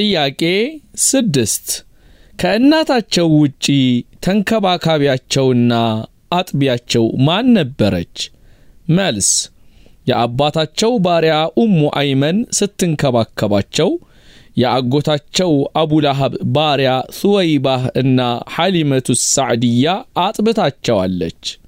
ጥያቄ ስድስት ከእናታቸው ውጪ ተንከባካቢያቸውና አጥቢያቸው ማን ነበረች? መልስ የአባታቸው ባሪያ ኡሙ አይመን ስትንከባከባቸው የአጎታቸው አቡላሃብ ባሪያ ሱወይባህ እና ሐሊመቱ ሳዕድያ አጥብታቸዋለች።